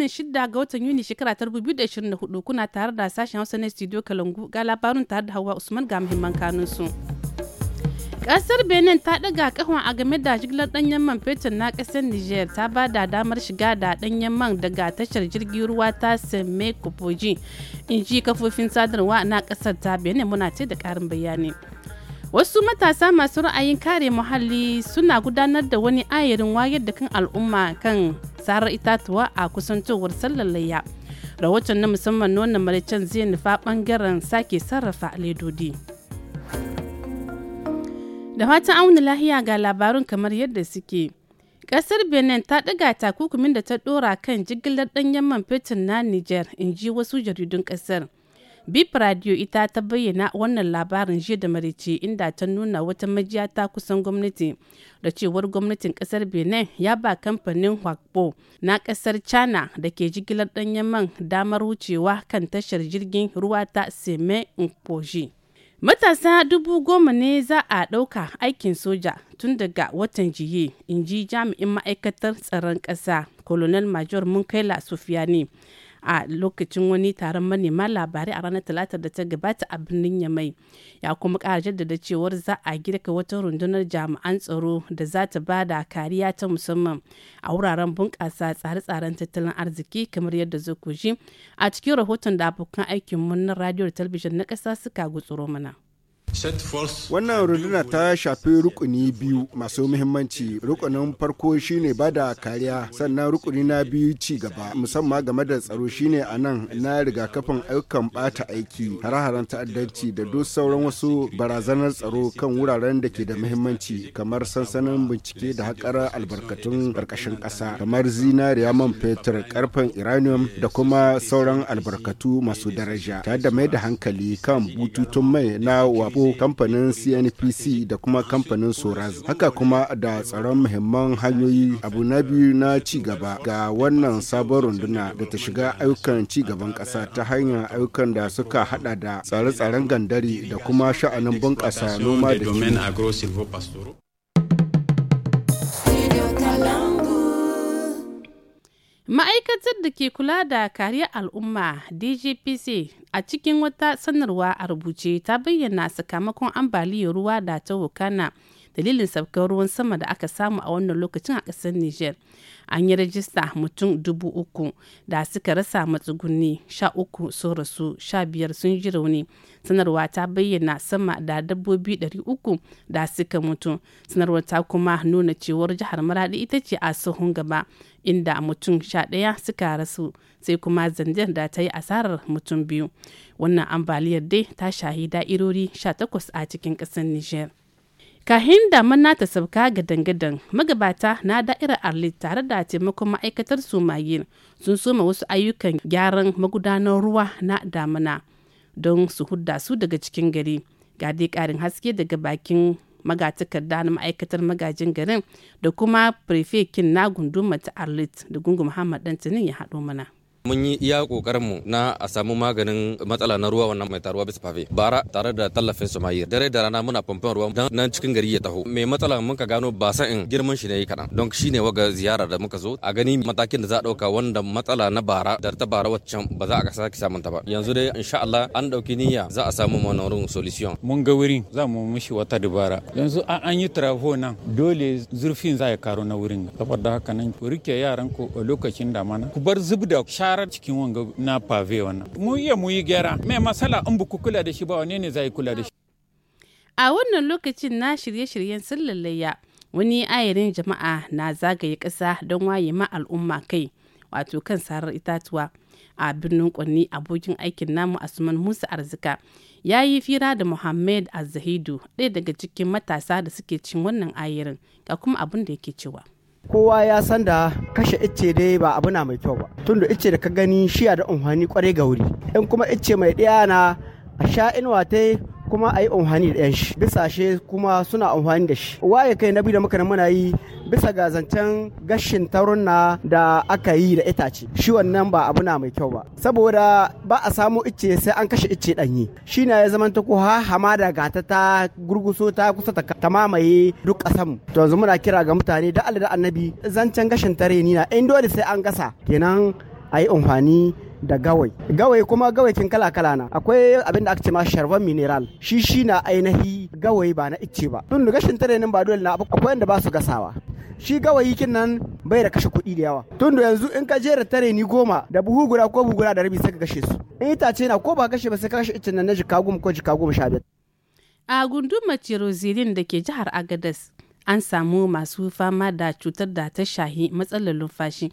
litinin 6 ga watan yuni shekara ta 2024 kuna tare da sashen hausa na studio kalangu ga labarin tare da hawa usman ga muhimman su kasar benin ta daga kahon a game da jigilar danyen man fetur na kasar niger ta ba da damar shiga da danyen man daga tashar jirgin ruwa ta seme kofoji in ji kafofin sadarwa na kasar ta benin muna ce da karin bayani wasu matasa masu ra'ayin kare muhalli suna gudanar da wani ayarin wayar da kan al'umma kan sarar itatuwa a kusantowar sallar layya rahoton na musamman nuna maraicen zai nufa bangaren sake sarrafa ledodi da fatan auna lahiya ga labarun kamar yadda suke kasar benin ta ɗaga takukumin da ta ɗora kan jigilar ɗanyen man fetur na nijar in ji wasu jaridun ƙasar bip radio ita ta bayyana wannan labarin jiya da marice inda ta nuna wata majiya ta kusan gwamnati da cewar gwamnatin kasar benin ya ba kamfanin hwakpo na kasar china da ke jigilar danyen man damar wucewa kan tashar jirgin ruwa ta seme nkpoji matasa dubu goma ne za a ɗauka aikin soja tun daga watan jiye in ji jami'in ma'aikatar tsaron ƙasa colonel major munkaila Sufiani. a lokacin wani taron manema labarai a ranar talatar da ta gabata a birnin yamai ya kuma kara jaddada cewar za a girka wata rundunar jami'an tsaro da za ta ba da kariya ta musamman a wuraren bunƙasa tsare-tsaren tattalin arziki kamar yadda zakuji a cikin rahoton da abokan aikin mun na radio da talabijin na ƙasa suka gutsuro mana. Wannan runduna ta shafi rukuni biyu masu muhimmanci. Rukunin farko shine bada kariya, sannan rukuni na biyu ci gaba, musamman game da tsaro shine a nan na rigakafin ayyukan bata aiki, hare-haren ta'addanci da duk sauran wasu barazanar tsaro kan wuraren da ke da muhimmanci kamar sansanin bincike da haƙar albarkatun ƙarƙashin ƙasa, kamar zinariya man fetur, karfen iranium da kuma sauran albarkatu masu daraja, ta da mai da hankali kan bututun mai na wabu farko kamfanin cnpc da kuma kamfanin soraz haka kuma da tsaron muhimman hanyoyi abu na biyu na cigaba ga wannan sabon runduna da ta shiga ayyukan cigaban gaban ƙasa ta hanyar ayyukan da suka hada da tsare-tsaren gandari da kuma sha'anin bunƙasa noma da Ma'aikatar da ke kula da kariyar al'umma DGPC a cikin wata sanarwa a rubuce ta bayyana sakamakon ambaliyar ruwa da ta wukana dalilin sabkar ruwan sama da aka samu a wannan lokacin a ƙasar niger an yi rajista mutum dubu uku da suka rasa matsuguni sha uku sun rasu sha biyar sun ji rauni sanarwa ta bayyana sama da dabbobi ɗari uku da suka mutu sanarwar ta kuma nuna cewar jihar maradi ita ce a sahun gaba inda mutum sha ɗaya suka rasu sai kuma zanjar da ta yi asarar mutum biyu wannan ambaliyar dai ta shahi da'irori takwas a cikin ƙasar niger kahin damana ta sabka ga dangadan magabata na da'ira arlit tare da taimakon ma'aikatar sumayin sun soma wasu ayyukan gyaran magudanar ruwa na damana don su hudda su daga cikin gari ga dai karin haske daga bakin magatakarda na ma'aikatar magajin garin da kuma prefekin na gunduma ta arlit da gungun muhammad dantinin ya haɗo mana mun yi iya kokarin mu na a samu maganin matsala na ruwa wannan mai taruwa bisa fafe bara tare da tallafin sumayir dare da rana muna famfan ruwa dan nan cikin gari ya taho mai matsala mun ka gano ba sa'in girman shi ne yi kaɗan don shine waga ziyara da muka zo a gani matakin da za a ɗauka wanda matsala na bara da ta bara waccan ba za a sake samun ta ba yanzu dai insha Allah an ɗauki niyya za a samu wannan solution mun ga wurin za mu mishi wata dubara yanzu an yi trafo nan dole zurfin za ya karo na wurin saboda haka nan ku rike yaran ku a lokacin mana ku bar zubda karar cikin wanga na pave wannan mu iya mu yi gyara mai masala in buku kula da shi ba wane ne yi kula da shi a wannan lokacin na shirye-shiryen sallallayya wani ayarin jama'a na zagaye ƙasa don waye ma al'umma kai wato kan sarar itatuwa a birnin kwanni abokin aikin namu asuman musa arzika ya yi fira da muhammed azahidu ɗaya daga cikin matasa da suke cin wannan ayarin ga kuma abin da yake cewa kowa ya san da kashe icce dai ba abu na mai kyau ba tunda icce da ka gani shiya da amfani kwarai ga wuri in kuma icce mai ɗaya na a sha inuwa ta kuma a yi amfani da shi bisa shi kuma suna amfani da shi waye kai na bi da muka muna yi bisa ga zancen gashin na da aka yi da itace shi wannan ba abu na mai kyau ba saboda ba a samu icce sai an kashe icce danyi shi na ya zama ta ko ha hamada gata ta gurguso ta kusa ta mamaye duk kasan to yanzu muna kira ga mutane da Allah da annabi zancen gashin tare ni na in dole sai an gasa kenan a yi amfani da gawai gawai kuma kin kala-kala na akwai abin da aka ce ma sharban mineral shi shi na ainihi gawayi ba na icce ba tun da gashin tare ba dole na akwai wanda ba su gasawa shi gawayi kin nan bai da kashe kuɗi da yawa tun da yanzu in ka jera tare ni goma da buhu guda ko buhu guda da rabi sai ka gashe su in itace na ko ba kashe ba sai ka kashe iccen nan na jika goma ko jika goma sha biyar a mace cirozirin da ke jihar agadas an samu masu fama da cutar da ta shahi matsalar numfashi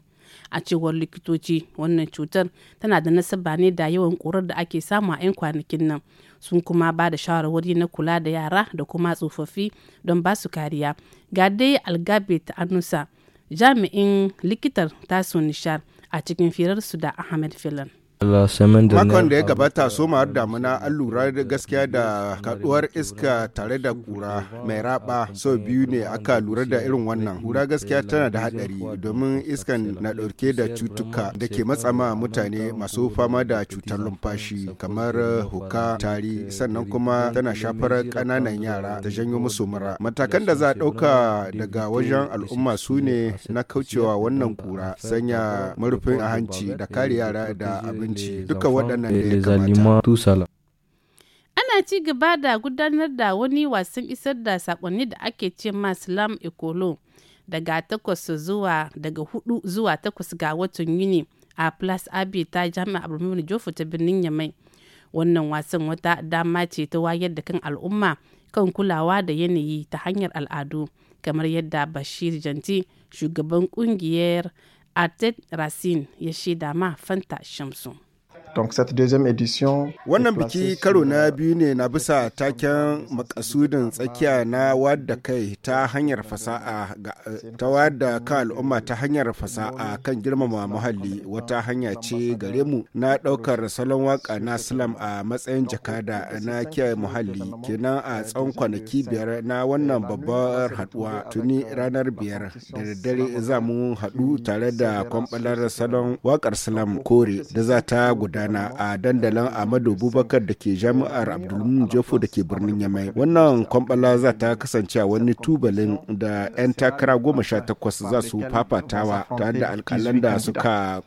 a cewar likitoci wannan cutar tana da nasaba ne da yawan ƙurar da ake samu a 'yan kwanakin nan sun kuma ba da shawarwari na kula da yara da kuma tsofaffi don ba su kariya ga dai algabet anusa jami'in likitar tasu nishar a cikin firarsu da ahmed filan Makon da ya gabata har damuna an lura da gaskiya da kaduwar iska tare da kura mai raba sau biyu ne aka lura da irin wannan. Kura gaskiya tana da hadari domin iskan na dauke da cutuka da ke matsama mutane masu fama da cutar lumfashi kamar huka tari sannan kuma tana shafar kananan yara da janyo musu mura. Matakan da za a dauka daga wajen al'umma su ne na kaucewa wannan kura sanya marufin a hanci da kare yara da abin abinci eh, duka waɗannan eh, da ya eh, kamata. ana ci gaba da gudanar da wani wasan isar da sakonni da ake ce ma slam ekolo daga takwas zuwa daga hudu zuwa takwas ga watan yuni a plus abbey ta jami'a abdulmumin jofu ta birnin yamai wannan wasan wata dama ce ta wayar da kan al'umma kan kulawa da yanayi ta hanyar al'adu kamar yadda bashir janti shugaban kungiyar Artet Racine ya shaida ma Fanta Shamsu. Donc cette deuxième édition Wannan biki karo na euh, biyu ne na bisa taken makasudin tsakiya na wadda kai ta hanyar fasa'a eh, ta wadda ka al'umma ta hanyar fasaha kan girmama muhalli wata hanya ce gare mu na daukar salon waka na slam a matsayin jakada na kiyaye muhalli kenan a tsawon kwanaki biyar na wannan babbar haduwa tuni ranar biyar da daddare za mu haɗu tare da kwamfalar salon wakar slam kore da za ta gudana gudana a dandalin Ahmadu abubakar da ke jami'ar Abdulmun Jofo da ke birnin Yamai. Wannan kwambala za ta kasance wani tubalin da 'yan takara goma sha takwas za su fafatawa tare da alkalan da suka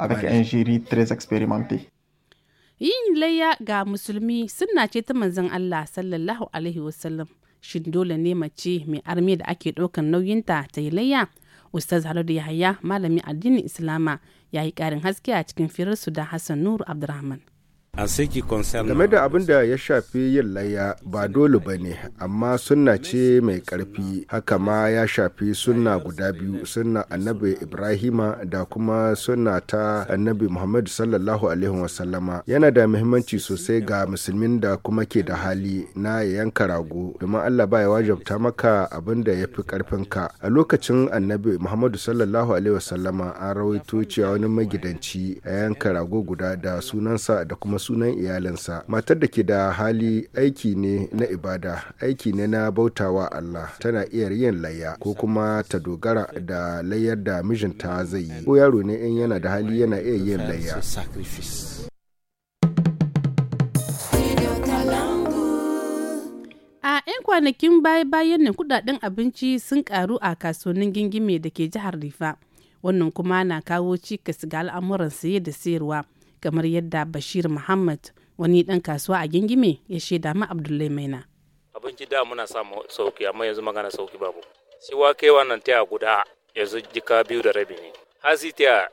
Yin layya ga musulmi suna ce ta manzon Allah sallallahu alaihi wasallam. Shin dole ne mace mai armi da ake ɗaukan nauyinta ta yi layya? Ustaz Haladu Yahaya, malami addinin Islama, ya yi ƙarin haske a cikin firarsu da hassan nuru abdulrahman. Game da abin da ya shafi yin layya ba dole ba ne, amma sunna ce mai karfi haka ma ya shafi sunna guda biyu sunna annabi Ibrahima da kuma sunna ta annabi Muhammadu sallallahu Alaihi wasallama yana da muhimmanci sosai ga musulmin da kuma ke da hali na yanka rago domin Allah ba ya wajabta maka abin da ya fi ƙarfinka. A lokacin annabi Muhammadu sallallahu Alaihi wasallama an rawaito cewa wani magidanci a yanka rago guda da sunansa da kuma sunan iyalinsa matar da ke da hali aiki ne na ibada aiki ne na bautawa Allah tana iya yin layya ko kuma ta dogara da layyar da mijinta zai yi ko yaro ne in yana da hali yana iya yin layya A 'yan kwanakin baya-bayan nan kudaden abinci sun karu a kasuwannin gingime da ke jihar Rifa. Wannan kuma na kawo cikas ga al'amuran saye da sayarwa. kamar yadda bashir muhammad wani dan kasuwa a gingime ya shaida ma abdullahi maina abinci da muna samu sauki amma yanzu magana sauki babu shi kai wannan taya guda yanzu jika biyu da rabi ne taya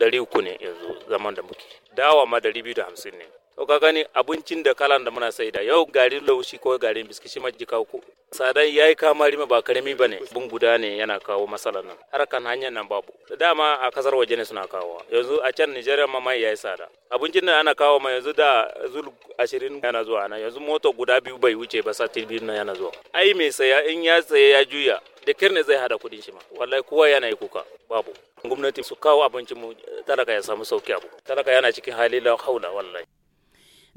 dari uku ne yanzu zaman da muke dawa ma dari biyu da hamsin ne to ka gani abincin da kalan da muna saida yau garin laushi ko garin biski shi majika ku sadan yayi kamari ma ba karami bane bun guda ne yana kawo matsalar nan harkan hanyar nan babu da dama a kasar waje ne suna kawo yanzu a can Nigeria ma mai yayi sada abincin da ana kawo ma yanzu da zul 20 yana zuwa nan yanzu moto guda biyu bai wuce ba satin biyu nan yana zuwa ai mai saya in ya saya ya juya da kirne zai hada kudin shi ma wallahi kowa yana yi kuka babu gwamnati su kawo abincin mu talaka ya samu sauki abu talaka yana cikin hali la haula wallahi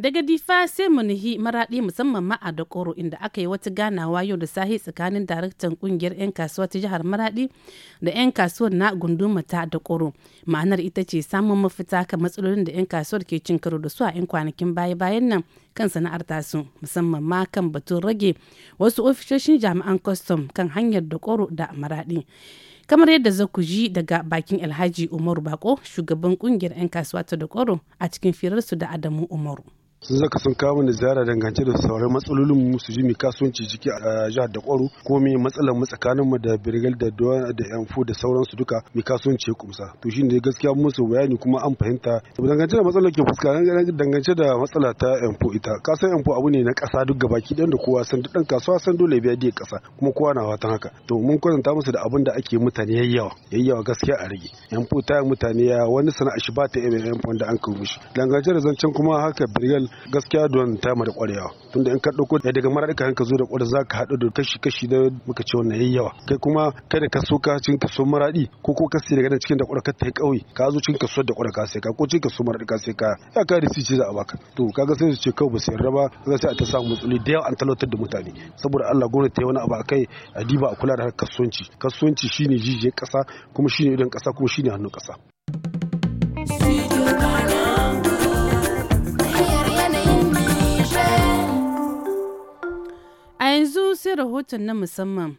Daga Difa sai mu nihi maraɗi musamman ma a Dakoro inda aka yi wata ganawa yau da sahi tsakanin daraktan ƙungiyar 'yan kasuwa ta jihar Maraɗi da 'yan kasuwar na gunduma ta Dakoro. Ma'anar ita ce samun mafita kan matsalolin da 'yan kasuwar ke cin karo da su a 'yan kwanakin baya-bayan nan kan sana'ar tasu musamman ma kan batun rage wasu ofisoshin jami'an kwastam kan hanyar Dakoro da Maraɗi. kamar yadda za ku ji daga bakin alhaji umaru bako shugaban kungiyar 'yan kasuwa ta dakoro a cikin firarsu da adamu umaru sun zaka sun kawo da ziyara dangance da sauran matsalolin mu su ji mai kasuwanci ciki a jihar da kwaro ko me matsalar mu mu da birgal da doya da yanfu da sauransu duka mai kasuwanci ya kumsa to ne gaskiya musu bayani kuma an fahimta dangance da matsalar ke fuska dangance da matsala ta yanfu ita kasan yanfu abu ne na kasa duk gabaki ɗan da kowa san duk dan kasuwa san dole biya diya kasa kuma kowa na watan haka to mun kwatanta musu da abin da ake mutane yayyawa yayyawa gaskiya a rage yanfu ta mutane ya wani sana'a shi ba ta yan da an kawo mishi dangance da zancen kuma haka birgal gaskiya don ta da kwarewa tunda in ka dauko da daga mara ka hanka zo da kwarewa zaka hadu da kashi kashi da muka ce wannan yayyawa kai kuma kada ka so ka cin kaso maradi ko ko ka sai daga cikin da kwarewa ka tai kauye ka zo cin kaso da kwarewa ka sai ka ko cin kaso maradi ka sai ka ya ka risi ce za a baka to kaga sai su ce kawai ba su yarda ba za sai a ta samu matsali da yawa an talautar da mutane saboda Allah gwamnati ta yi wani abu akai a diba a kula da kasuwanci kasuwanci shine jijiyar kasa kuma shine idan kasa kuma shine hannun kasa sai rahoton na musamman.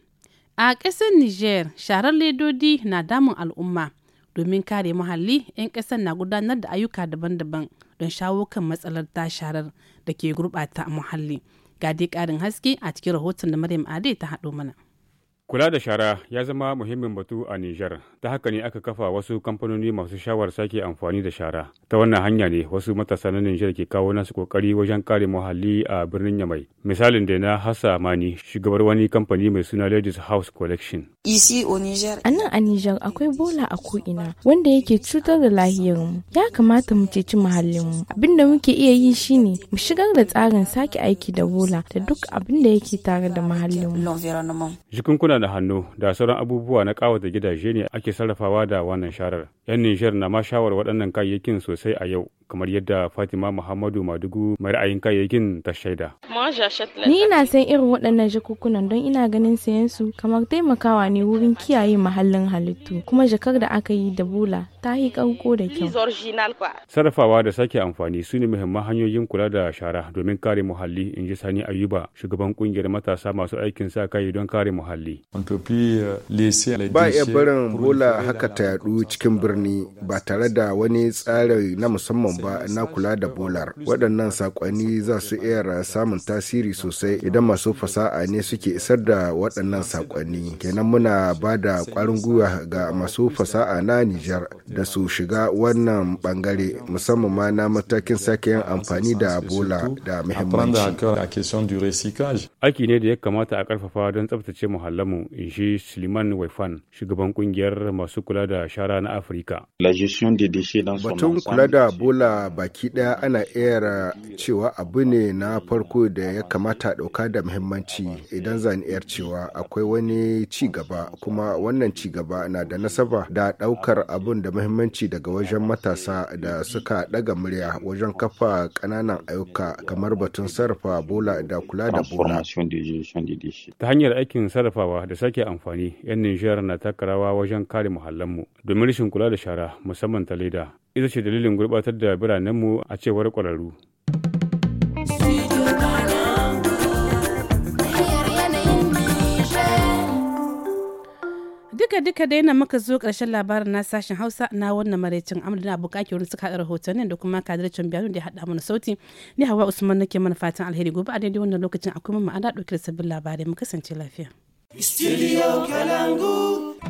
A ƙasar Niger, sharar ledodi na damun al'umma domin kare muhalli 'yan ƙasar na gudanar da ayyuka daban-daban don shawo kan matsalar ta sharar da ke gurɓata muhalli. Ga dai ƙarin haske a cikin rahoton da Maryam Ade ta haɗo mana. Kula da shara ya zama muhimmin batu a Nijar, ta haka ne aka kafa wasu kamfanoni masu shawar sake amfani da shara. Ta wannan hanya ne wasu matasa na Nijar ke kawo nasu kokari wajen kare muhalli a birnin Yamai. Misalin da na hasa Mani, shugabar wani kamfani mai suna Ladies House Collection. A nan a Nijar akwai bola a ko'ina wanda yake cutar da lahiyarmu. Ya kamata mu ceci mu Abin da muke iya yi shine mu shigar da tsarin sake aiki da bola da duk abin da yake tare da muhallinmu. Jikunkuna da hannu da sauran abubuwa na ƙawata gidaje ne ake sarrafawa da wannan sharar. 'Yan Nijar na ma shawar waɗannan kayayyakin sosai a yau, kamar yadda Fatima Muhammadu Madugu mai ra'ayin kayayyakin ta shaida. Ni ina san irin waɗannan jakunkunan don ina ganin sayan su kamar taimakawa ne wurin kiyaye muhallin halittu, kuma jakar da aka yi da bula ta yi ƙanko da kyau. Sarrafawa da sake amfani su ne muhimman hanyoyin kula da shara domin kare muhalli, in ji Sani Ayuba, shugaban ƙungiyar matasa masu aikin sa kai don kare muhalli. Eh, ba iya barin bola haka ta yadu cikin birni ba tare da wani tsari na musamman ba na kula da bolar. Waɗannan sakonni za su iya samun tasiri sosai idan masu fasa'a ne suke isar da waɗannan sakonni. Kenan muna ba da ƙwarin gwiwa ga masu fasa'a na Nijar da su shiga wannan bangare musamman ma na matakin sake yin amfani da bola da muhimmanci. Aiki ne da ya kamata a ƙarfafa don tsabtace muhallanmu in inji Suleiman Waifan shugaban kungiyar masu kula da shara na Afirka. Batun kula da bola baki daya ana iya cewa abu ne na farko da ya kamata ɗauka da muhimmanci idan zan iya cewa akwai wani ci gaba kuma wannan ci gaba na da nasaba da ɗaukar abun da muhimmanci daga wajen matasa da suka ɗaga murya wajen kafa ƙananan ayyuka kamar batun sarrafa bola da kula da bola. Ta hanyar aikin sarrafawa da sake amfani 'yan Nijar na takarawa wajen kare muhallanmu domin rashin kula da shara musamman ta leda ita ce dalilin gurbatar da biranenmu a cewar kwararru duka-duka da yana maka zo ƙarshen labarin na sashen hausa na wannan maraicin amurda na bukaki wurin suka haɗa rahotannin da kuma kadircin biyanu da ya haɗa mana sauti ni hawa usman nake mana fatan alheri gobe a daidai wannan lokacin akwai mun ma'ana ɗauke da sabbin labarai mu kasance lafiya Studio Kalangu.